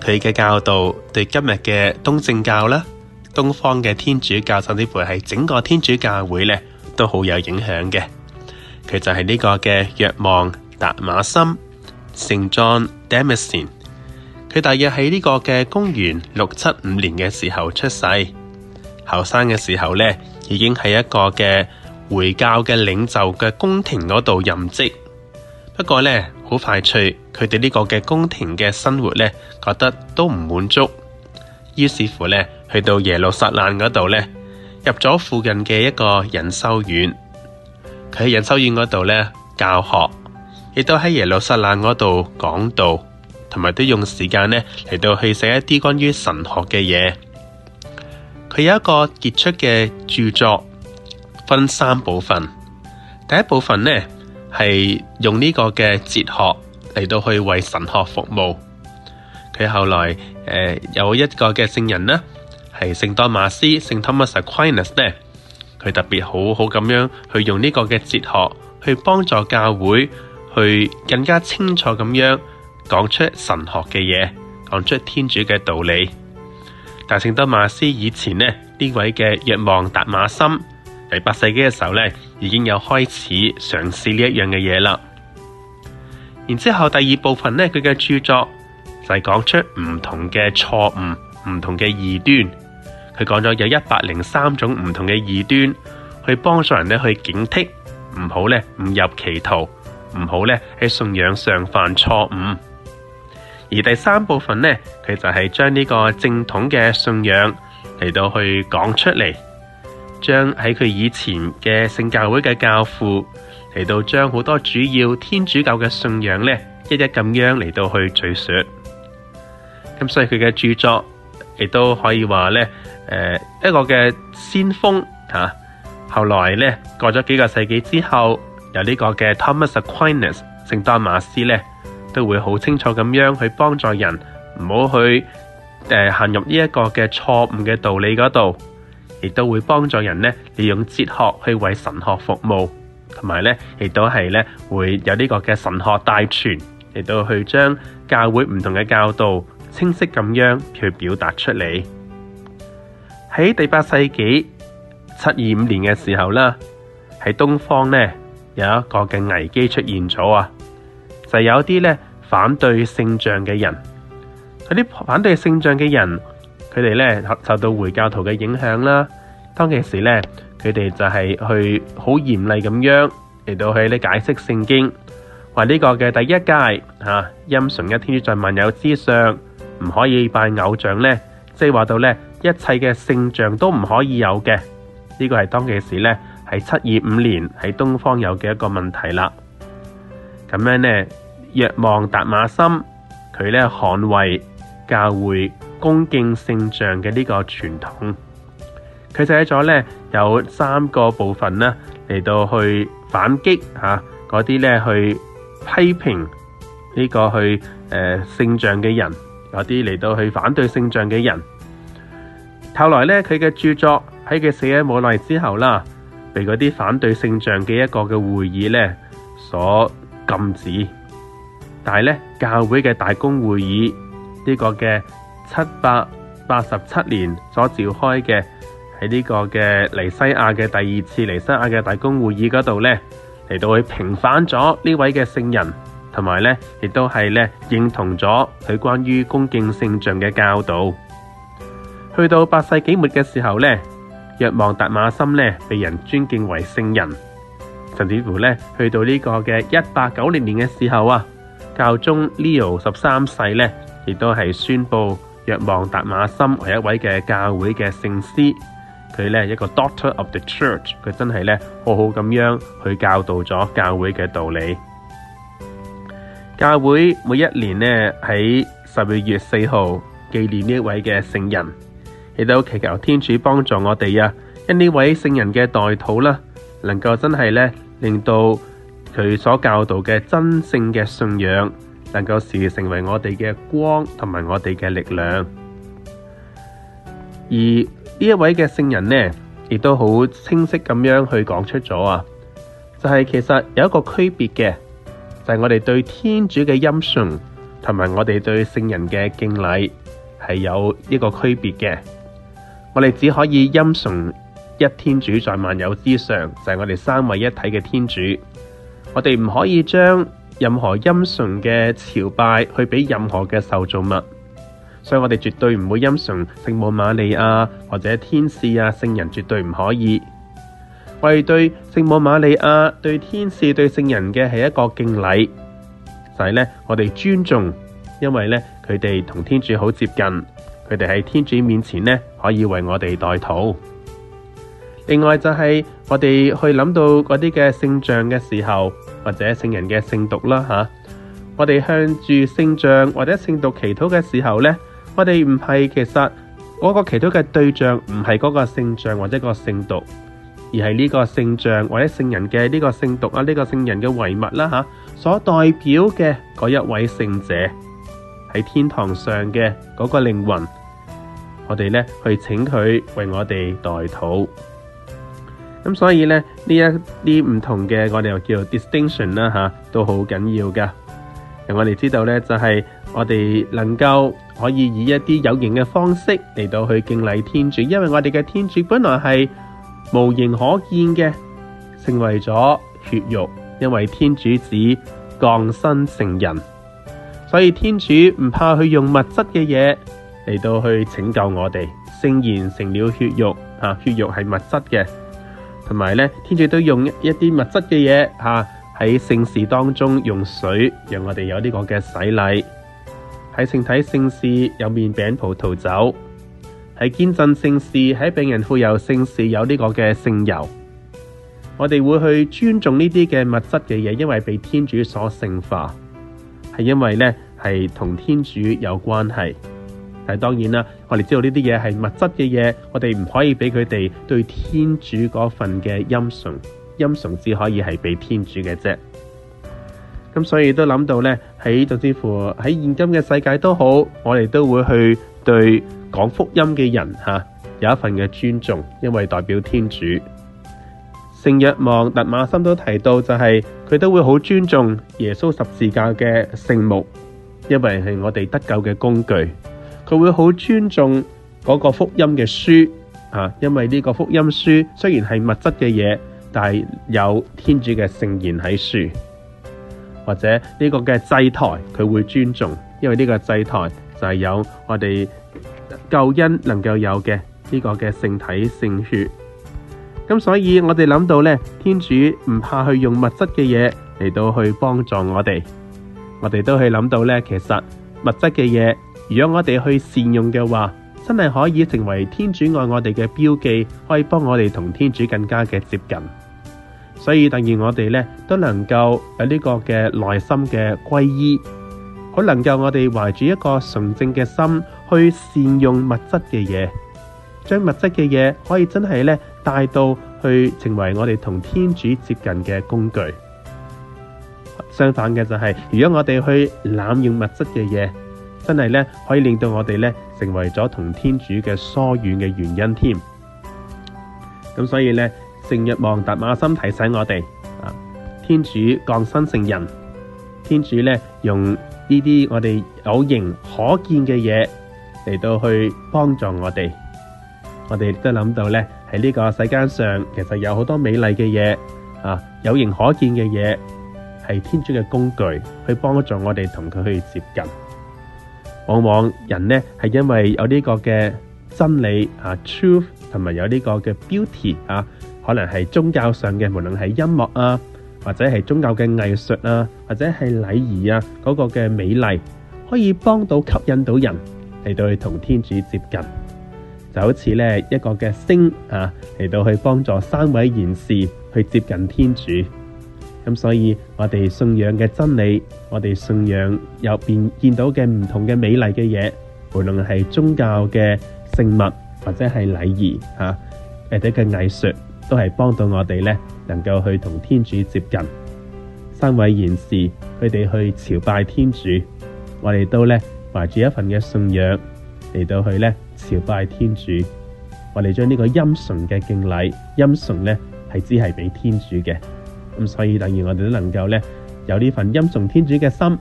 佢嘅教導對今日嘅東正教啦、東方嘅天主教甚至乎係整個天主教會咧，都好有影響嘅。佢就係呢個嘅約望達馬森 s a Damasen）。佢大約喺呢個嘅公元六七五年嘅時候出世，後生嘅時候咧已經喺一個嘅回教嘅領袖嘅宮廷嗰度任職。不過咧，好快脆。佢哋呢個嘅宮廷嘅生活咧，覺得都唔滿足，於是乎咧，去到耶路撒冷嗰度咧,入咗附近嘅一個隱修院,佢喺隱修院嗰度咧教學,亦都喺耶路撒冷嗰度講道，同埋都用時間咧嚟到去寫一啲關於神學嘅嘢。佢有一個傑出嘅著作，分三部分，第一部分呢。係用呢個嘅哲學嚟到去為神學服務。佢後來誒、呃、有一個嘅聖人呢，係聖多馬斯聖 Thomas Aquinas 呢，佢特別好好咁樣去用呢個嘅哲學去幫助教會去更加清楚咁樣講出神學嘅嘢，講出天主嘅道理。但聖多馬斯以前呢，呢位嘅若望達馬森。第八世紀嘅時候咧，已經有開始嘗試呢一樣嘅嘢啦。然之後第二部分咧，佢嘅著作就係講出唔同嘅錯誤、唔同嘅異端。佢講咗有一百零三種唔同嘅異端，去幫助人咧去警惕，唔好咧誤入歧途，唔好咧喺信仰上犯錯誤。而第三部分咧，佢就係將呢個正統嘅信仰嚟到去講出嚟。將喺佢以前嘅聖教會嘅教父嚟到，將好多主要天主教嘅信仰呢一一咁樣嚟到去敘述。咁所以佢嘅著作亦都可以話呢誒、呃、一個嘅先鋒吓、啊。後來呢，過咗幾個世紀之後，有呢個嘅 Thomas Aquinas 聖多馬斯呢，都會好清楚咁樣去幫助人，唔好去誒陷、呃、入呢一個嘅錯誤嘅道理嗰度。亦都會幫助人咧，利用哲學去為神學服務，同埋咧，亦都係咧會有呢個嘅神學大全，亦都去將教會唔同嘅教導清晰咁樣去表達出嚟。喺第八世紀七二五年嘅時候啦，喺東方咧有一個嘅危機出現咗啊！就係有啲咧反對聖像嘅人，佢啲反對聖像嘅人。佢哋咧受到回教徒嘅影響啦，當其時咧，佢哋就係去好嚴厲咁樣嚟到去咧解釋聖經，話呢個嘅第一誡嚇，欽、啊、崇一天主在萬有之上，唔可以拜偶像咧，即係話到咧一切嘅聖像都唔可以有嘅，這個、是呢個係當其時咧喺七二五年喺東方有嘅一個問題啦。咁樣咧，若望達馬森，佢咧捍衞教會。恭敬聖像嘅呢個傳統，佢寫咗咧有三個部分啦，嚟到去反擊吓嗰啲咧去批評呢個去誒聖像嘅人，嗰啲嚟到去反對聖像嘅人。後來咧，佢嘅著作喺佢死喺冇耐之後啦，被嗰啲反對聖像嘅一個嘅會議咧所禁止，但係咧教會嘅大公會議呢個嘅。七百八,八十七年所召開嘅喺呢個嘅尼西亞嘅第二次尼西亞嘅大公會議嗰度呢，嚟到去平反咗呢位嘅聖人，同埋呢亦都係咧認同咗佢關於恭敬聖像嘅教導。去到八世紀末嘅時候呢，若望達馬森呢被人尊敬為聖人，甚至乎呢，去到呢個嘅一八九零年嘅時候啊，教宗 Leo 十三世呢亦都係宣布。若望達馬森係一位嘅教會嘅聖師，佢咧一個 Doctor of the Church，佢真係咧好好咁樣去教導咗教會嘅道理。教會每一年呢，喺十二月四號紀念呢一位嘅聖人，亦都祈求天主幫助我哋啊，因呢位聖人嘅代禱啦，能夠真係咧令到佢所教導嘅真正嘅信仰，能夠時成為我哋嘅光同埋我哋嘅力量，而呢一位嘅聖人呢，亦都好清晰咁樣去講出咗啊，就係、是、其實有一個區別嘅，就係、是、我哋對天主嘅欽崇同埋我哋對聖人嘅敬禮係有一個區別嘅，我哋只可以欽崇一天主在萬有之上，就係、是、我哋三位一體嘅天主，我哋唔可以將。任何欽崇嘅朝拜去俾任何嘅受造物，所以我哋絕對唔會欽崇聖母瑪利亞或者天使啊，聖人絕對唔可以。我哋對聖母瑪利亞、對天使、對聖人嘅係一個敬禮，就係、是、咧我哋尊重，因為咧佢哋同天主好接近，佢哋喺天主面前咧可以為我哋代禱。另外就係、是、我哋去諗到嗰啲嘅聖像嘅時候。或者聖人嘅聖毒啦吓，啊，我哋向住聖像或者聖毒祈禱嘅時候呢，我哋唔係其實嗰個祈禱嘅對象唔係嗰個聖像或者個聖毒，而係呢個聖像或者聖人嘅呢個聖毒、這個、聖啊呢個聖人嘅遺物啦吓，所代表嘅嗰一位聖者喺天堂上嘅嗰個靈魂，我哋呢，去請佢為我哋代禱。咁所以咧，呢一啲唔同嘅，我哋又叫做 distinction 啦、啊，吓都好緊要噶。我哋知道呢，就係、是、我哋能夠可以以一啲有形嘅方式嚟到去敬禮天主，因為我哋嘅天主本來係無形可見嘅，成為咗血肉，因為天主子降生成人，所以天主唔怕去用物質嘅嘢嚟到去拯救我哋聖言成了血肉，啊、血肉係物質嘅。同埋咧，天主都用一啲物質嘅嘢吓喺聖事當中用水，讓我哋有呢個嘅洗禮。喺聖體聖事有麵餅、葡萄酒；喺堅振聖事喺病人傅油聖事有呢個嘅聖油。我哋會去尊重呢啲嘅物質嘅嘢，因為被天主所聖化，係因為呢係同天主有關係。係當然啦，我哋知道呢啲嘢係物質嘅嘢，我哋唔可以俾佢哋對天主嗰份嘅音崇音崇，只可以係俾天主嘅啫。咁所以都諗到呢，喺甚至乎喺現今嘅世界都好，我哋都會去對講福音嘅人吓、啊、有一份嘅尊重，因為代表天主聖日望特馬森都提到、就是，就係佢都會好尊重耶穌十字架嘅聖木，因為係我哋得救嘅工具。佢會好尊重嗰個福音嘅書啊，因為呢個福音書雖然係物質嘅嘢，但係有天主嘅聖言喺書，或者呢個嘅祭台佢會尊重，因為呢個祭台就係有我哋救恩能夠有嘅呢個嘅聖體聖血。咁所以我哋諗到呢，天主唔怕去用物質嘅嘢嚟到去幫助我哋，我哋都去諗到呢，其實物質嘅嘢。如果我哋去善用嘅話，真係可以成為天主愛我哋嘅標記，可以幫我哋同天主更加嘅接近。所以突然我哋咧都能夠有呢個嘅內心嘅皈依，好能夠我哋懷住一個純正嘅心去善用物質嘅嘢，將物質嘅嘢可以真係咧帶到去成為我哋同天主接近嘅工具。相反嘅就係、是，如果我哋去濫用物質嘅嘢。真係咧，可以令到我哋咧成為咗同天主嘅疏遠嘅原因添。咁所以咧，聖若望達馬森提醒我哋，啊，天主降生成人，天主咧用呢啲我哋有形可見嘅嘢嚟到去幫助我哋。我哋亦都諗到咧，喺呢個世間上，其實有好多美麗嘅嘢，啊，有形可見嘅嘢係天主嘅工具，去幫助我哋同佢去接近。往往人呢係因為有呢個嘅真理啊，truth 同埋有呢個嘅 beauty 啊，可能係宗教上嘅，無論係音樂啊，或者係宗教嘅藝術啊，或者係禮儀啊，嗰個嘅美麗可以幫到吸引到人嚟到去同天主接近，就好似呢一個嘅星啊嚟到去幫助三位賢士去接近天主。咁所以，我哋信仰嘅真理，我哋信仰入邊見到嘅唔同嘅美麗嘅嘢，無論係宗教嘅聖物或者係禮儀吓，或者嘅藝術，都係幫到我哋咧，能夠去同天主接近。三位賢士佢哋去朝拜天主，我哋都咧懷住一份嘅信仰嚟到去咧朝拜天主，我哋將呢個欽崇嘅敬禮，欽崇咧係只係俾天主嘅。咁所以，例如我哋都能夠咧，有呢份欽崇天主嘅心，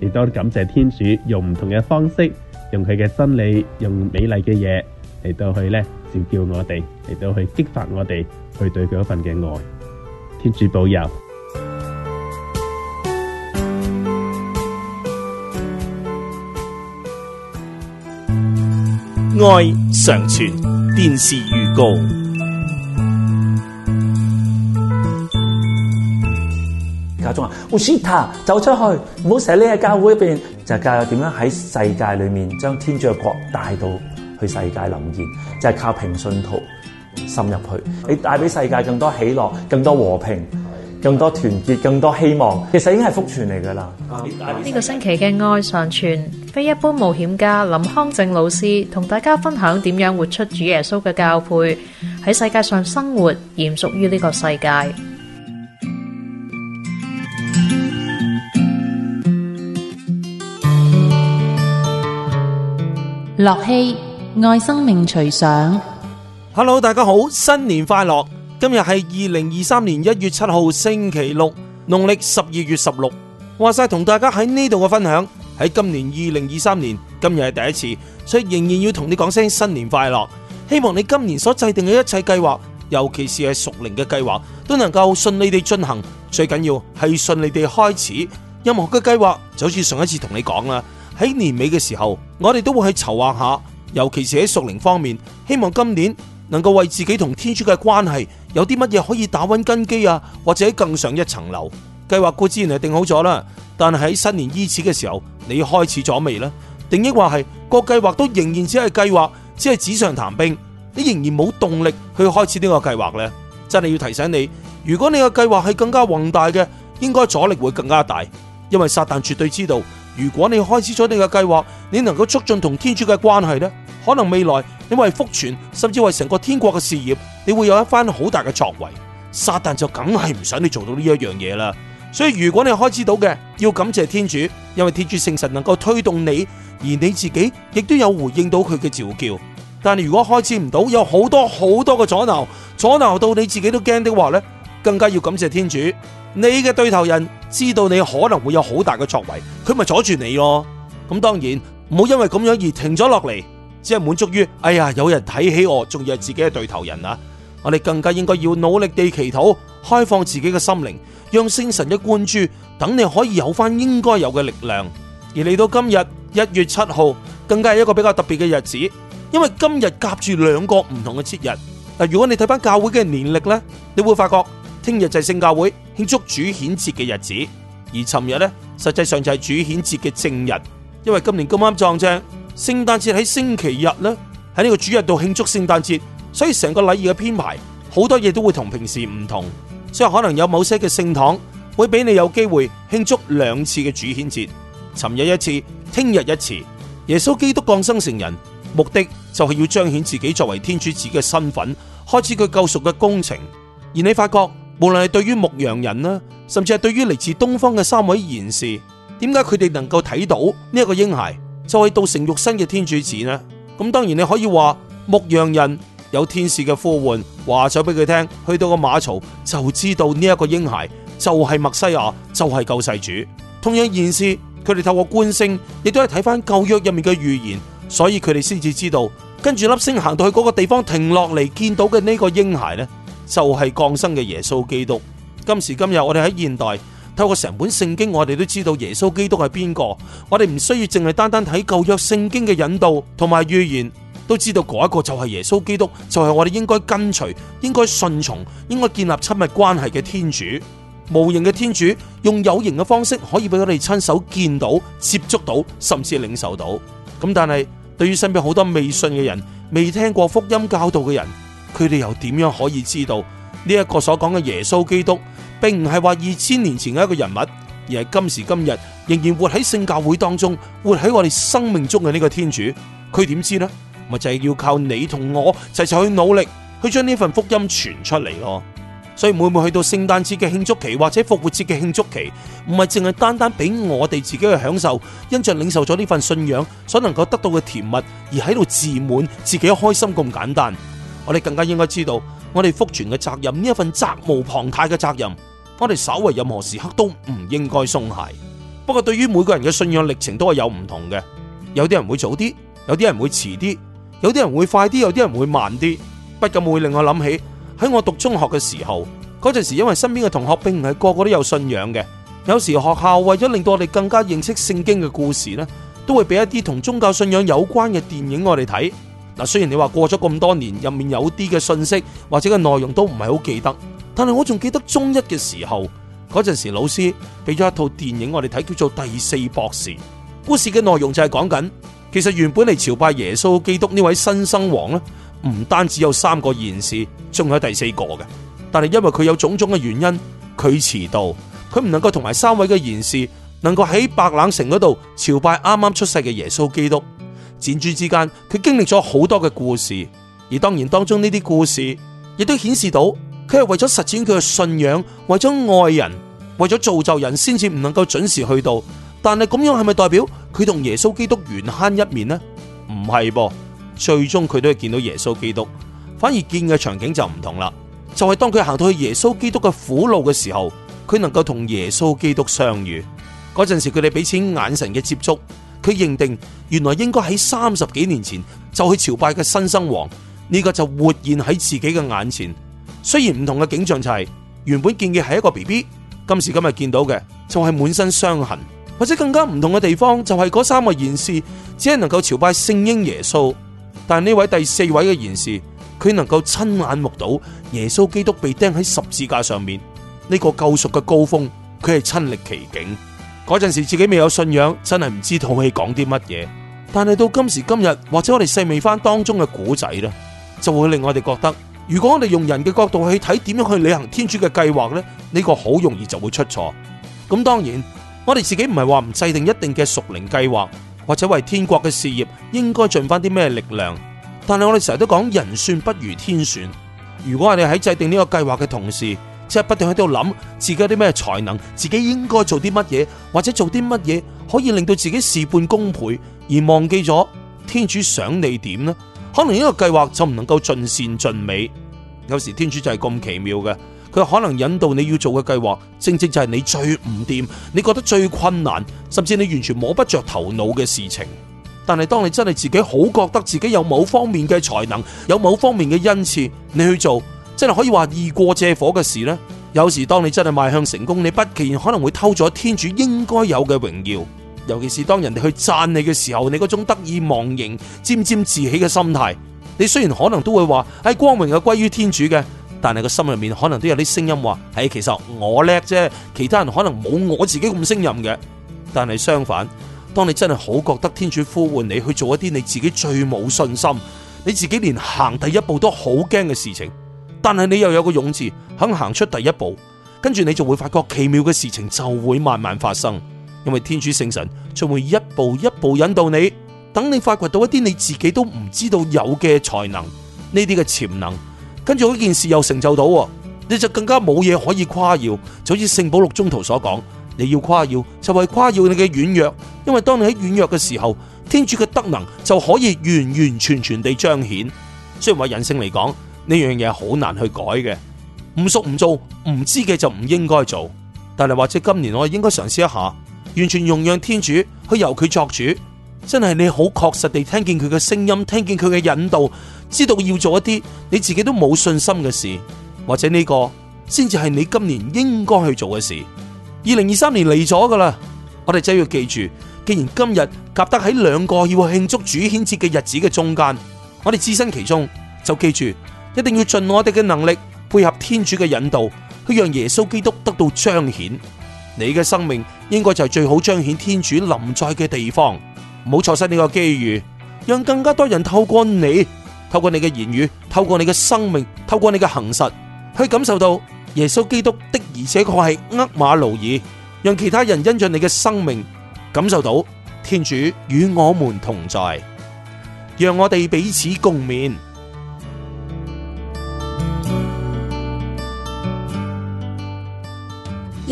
亦都感謝天主用唔同嘅方式，用佢嘅真理，用美麗嘅嘢嚟到去咧，叫叫我哋嚟到去激發我哋去對佢一份嘅愛。天主保佑，愛常存。電視預告。中我 s t 走出去，唔好成日匿喺教會入邊。就是、教點樣喺世界裏面將天主嘅國帶到去世界臨現，就係、是、靠平信徒滲入去，你帶俾世界更多喜樂、更多和平、更多團結、更多希望。其實已經係福傳嚟噶啦。呢、嗯、個星期嘅愛上傳，非一般冒險家林康正老師同大家分享點樣活出主耶穌嘅教誨，喺世界上生活，嚴肅於呢個世界。樂器愛生命隨想，Hello，大家好，新年快樂！今日係二零二三年一月七號，星期六，農曆十二月十六。話晒同大家喺呢度嘅分享，喺今年二零二三年，今日係第一次，所以仍然要同你講聲新年快樂。希望你今年所制定嘅一切計劃，尤其是係屬靈嘅計劃，都能夠順利地進行。最緊要係順利地開始。任何嘅計劃就好似上一次同你講啦。喺年尾嘅時候，我哋都會去籌劃下，尤其是喺屬靈方面，希望今年能夠為自己同天主嘅關係有啲乜嘢可以打穩根基啊，或者更上一層樓。計劃固然係定好咗啦，但係喺新年伊始嘅時候，你開始咗未呢？定抑或係個計劃都仍然只係計劃，只係紙上談兵，你仍然冇動力去開始呢個計劃呢？真係要提醒你，如果你嘅計劃係更加宏大嘅，應該阻力會更加大，因為撒旦絕對知道。如果你開始咗你嘅計劃，你能夠促進同天主嘅關係呢，可能未來你為福傳，甚至為成個天國嘅事業，你會有一番好大嘅作為。撒旦就梗係唔想你做到呢一樣嘢啦。所以如果你開始到嘅，要感謝天主，因為天主聖神能夠推動你，而你自己亦都有回應到佢嘅召叫。但如果開始唔到，有好多好多嘅阻撓，阻撓到你自己都驚的話呢。更加要感謝天主，你嘅對頭人知道你可能會有好大嘅作為，佢咪阻住你咯？咁當然唔好因為咁樣而停咗落嚟，只係滿足於哎呀有人睇起我，仲要係自己嘅對頭人啊！我哋更加應該要努力地祈禱，開放自己嘅心靈，讓聖神嘅灌注，等你可以有翻應該有嘅力量。而嚟到今日一月七號，更加係一個比較特別嘅日子，因為今日夾住兩個唔同嘅節日。但如果你睇翻教會嘅年曆呢，你會發覺。聽日就係聖教會慶祝主顯節嘅日子，而尋日呢，實際上就係主顯節嘅正日，因為今年咁啱撞正聖誕節喺星期日呢，喺呢個主日度慶祝聖誕節，所以成個禮儀嘅編排好多嘢，都會同平時唔同，所以可能有某些嘅聖堂會俾你有機會慶祝兩次嘅主顯節，尋日一次，聽日一次。耶穌基督降生成人，目的就係要彰顯自己作為天主子嘅身份，開始佢救贖嘅工程，而你發覺。無論係對於牧羊人啦，甚至係對於嚟自東方嘅三位賢士，點解佢哋能夠睇到呢一個嬰孩就係到成肉身嘅天主子呢？咁當然你可以話牧羊人有天使嘅呼喚，話咗俾佢聽，去到個馬槽就知道呢一個嬰孩就係默西亞，就係救世主。同樣賢士，佢哋透過觀星，亦都係睇翻舊約入面嘅預言，所以佢哋先至知道，跟住粒星行到去嗰個地方停落嚟，見到嘅呢個嬰孩呢？就係降生嘅耶穌基督。今時今日，我哋喺現代透過成本聖經，我哋都知道耶穌基督係邊個。我哋唔需要淨係單單睇舊約聖經嘅引導同埋預言，都知道嗰一個就係耶穌基督，就係、是、我哋應該跟隨、應該順從、應該建立親密關係嘅天主。無形嘅天主用有形嘅方式，可以俾我哋親手見到、接觸到，甚至領受到。咁但係對於身邊好多未信嘅人、未聽過福音教導嘅人。佢哋又點樣可以知道呢？一個所講嘅耶穌基督，並唔係話二千年前嘅一個人物，而係今時今日仍然活喺聖教會當中，活喺我哋生命中嘅呢個天主。佢點知呢？咪就係要靠你同我，齊齊去努力去將呢份福音傳出嚟咯。所以每每去到聖誕節嘅慶祝期，或者復活節嘅慶祝期，唔係淨係單單俾我哋自己去享受，因着領受咗呢份信仰所能夠得到嘅甜蜜，而喺度自滿自己開心咁簡單。我哋更加應該知道，我哋福傳嘅責任呢一份責無旁貸嘅責任，我哋稍為任何時刻都唔應該鬆懈。不過對於每個人嘅信仰歷程都係有唔同嘅，有啲人會早啲，有啲人會遲啲，有啲人會快啲，有啲人會慢啲。不禁會令我諗起喺我讀中學嘅時候，嗰陣時因為身邊嘅同學並唔係個個都有信仰嘅，有時學校為咗令到我哋更加認識聖經嘅故事咧，都會俾一啲同宗教信仰有關嘅電影我哋睇。嗱，雖然你話過咗咁多年，入面有啲嘅信息，或者嘅內容都唔係好記得，但係我仲記得中一嘅時候，嗰陣時老師俾咗一套電影我哋睇，叫做《第四博士》。故事嘅內容就係講緊，其實原本嚟朝拜耶穌基督呢位新生王咧，唔單止有三個賢士，仲有第四個嘅。但係因為佢有種種嘅原因，佢遲到，佢唔能夠同埋三位嘅賢士，能夠喺白冷城嗰度朝拜啱啱出世嘅耶穌基督。展珠之間，佢經歷咗好多嘅故事，而當然當中呢啲故事亦都顯示到佢係為咗實踐佢嘅信仰，為咗愛人，為咗造就人，先至唔能夠準時去到。但係咁樣係咪代表佢同耶穌基督緣慳一面呢？唔係噃，最終佢都係見到耶穌基督，反而見嘅場景就唔同啦。就係、是、當佢行到去耶穌基督嘅苦路嘅時候，佢能夠同耶穌基督相遇嗰陣時，佢哋俾錢眼神嘅接觸。佢認定原來應該喺三十幾年前就去朝拜嘅新生王，呢個就活現喺自己嘅眼前。雖然唔同嘅景象就係原本見嘅係一個 B B，今時今日見到嘅就係滿身傷痕，或者更加唔同嘅地方就係嗰三個賢士只係能夠朝拜聖嬰耶穌，但呢位第四位嘅賢士佢能夠親眼目睹耶穌基督被釘喺十字架上面呢個救贖嘅高峰，佢係親歷其境。嗰陣時自己未有信仰，真係唔知套戲講啲乜嘢。但係到今時今日，或者我哋細味翻當中嘅古仔咧，就會令我哋覺得，如果我哋用人嘅角度去睇，點樣去履行天主嘅計劃呢，呢個好容易就會出錯。咁當然，我哋自己唔係話唔制定一定嘅屬靈計劃，或者為天國嘅事業應該盡翻啲咩力量。但係我哋成日都講人算不如天算。如果我哋喺制定呢個計劃嘅同時，即係不斷喺度諗自己有啲咩才能，自己應該做啲乜嘢，或者做啲乜嘢可以令到自己事半功倍，而忘記咗天主想你點呢？可能呢個計劃就唔能夠盡善盡美，有時天主就係咁奇妙嘅，佢可能引導你要做嘅計劃，正正就係你最唔掂，你覺得最困難，甚至你完全摸不着頭腦嘅事情。但係當你真係自己好覺得自己有某方面嘅才能，有某方面嘅恩賜，你去做。真係可以話易過借火嘅事呢。有時當你真係邁向成功，你不期然可能會偷咗天主應該有嘅榮耀。尤其是當人哋去讚你嘅時候，你嗰種得意忘形、沾沾自喜嘅心態，你雖然可能都會話喺、哎、光榮嘅歸於天主嘅，但係個心入面可能都有啲聲音話：，喺、哎、其實我叻啫，其他人可能冇我自己咁勝任嘅。但係相反，當你真係好覺得天主呼喚你去做一啲你自己最冇信心、你自己連行第一步都好驚嘅事情。但係你又有個勇氣，肯行出第一步，跟住你就會發覺奇妙嘅事情就會慢慢發生，因為天主聖神將會一步一步引導你，等你發掘到一啲你自己都唔知道有嘅才能、呢啲嘅潛能，跟住嗰件事又成就到，你就更加冇嘢可以誇耀，就好似聖保祿宗徒所講，你要誇耀就係、是、誇耀你嘅軟弱，因為當你喺軟弱嘅時候，天主嘅德能就可以完完全全地彰顯。雖然話人性嚟講。呢樣嘢好難去改嘅，唔熟唔做唔知嘅就唔應該做。但係或者今年我應該嘗試一下，完全容讓天主去由佢作主。真係你好確實地聽見佢嘅聲音，聽見佢嘅引導，知道要做一啲你自己都冇信心嘅事，或者呢、呢個先至係你今年應該去做嘅事。二零二三年嚟咗噶啦，我哋真係要記住，既然今日夾得喺兩個要去慶祝主顯節嘅日子嘅中間，我哋置身其中就記住。一定要盡我哋嘅能力，配合天主嘅引導，去讓耶穌基督得到彰顯。你嘅生命應該就係最好彰顯天主臨在嘅地方。唔好錯失呢個機遇，讓更加多人透過你，透過你嘅言語，透過你嘅生命，透過你嘅行實，去感受到耶穌基督的而且確係厄馬努爾。讓其他人因着你嘅生命，感受到天主與我們同在。讓我哋彼此共勉。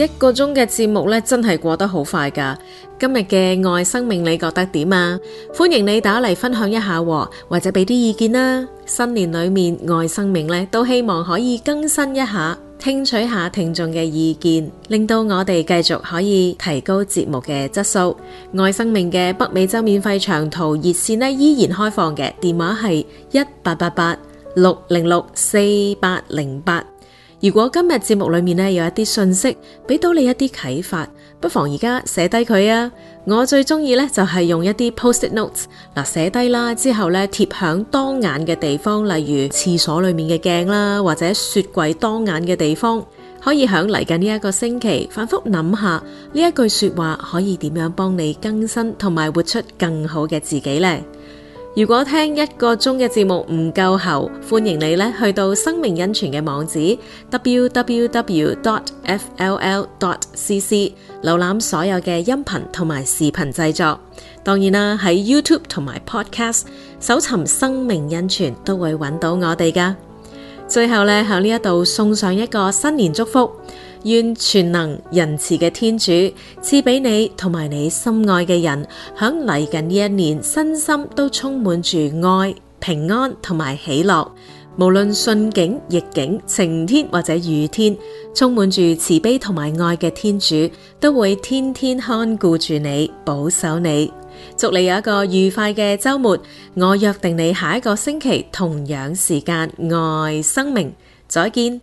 一個鐘嘅節目咧，真係過得好快噶。今日嘅愛生命你覺得點啊？歡迎你打嚟分享一下，或者俾啲意見啦。新年裏面愛生命咧，都希望可以更新一下，聽取下聽眾嘅意見，令到我哋繼續可以提高節目嘅質素。愛生命嘅北美洲免費長途熱線呢，依然開放嘅，電話係一八八八六零六四八零八。如果今日節目裏面咧有一啲信息俾到你一啲啟發，不妨而家寫低佢啊！我最中意咧就係用一啲 Post-it notes 嗱，寫低啦，之後咧貼響當眼嘅地方，例如廁所裏面嘅鏡啦，或者雪櫃當眼嘅地方，可以響嚟緊呢一個星期反覆諗下呢一句說話可以點樣幫你更新同埋活出更好嘅自己咧。如果聽一個鐘嘅節目唔夠喉，歡迎你咧去到生命恩泉嘅網址 w w w dot f l l dot c c 瀏覽所有嘅音頻同埋視頻製作。當然啦，喺 YouTube 同埋 Podcast 搜尋生命恩泉都會揾到我哋㗎。最後咧喺呢一度送上一個新年祝福。願全能仁慈嘅天主賜俾你同埋你心愛嘅人，響嚟緊呢一年身心都充滿住愛、平安同埋喜樂。無論順境逆境，晴天或者雨天，充滿住慈悲同埋愛嘅天主都會天天看顧住你，保守你。祝你有一個愉快嘅周末。我約定你下一個星期同樣時間愛生命再見。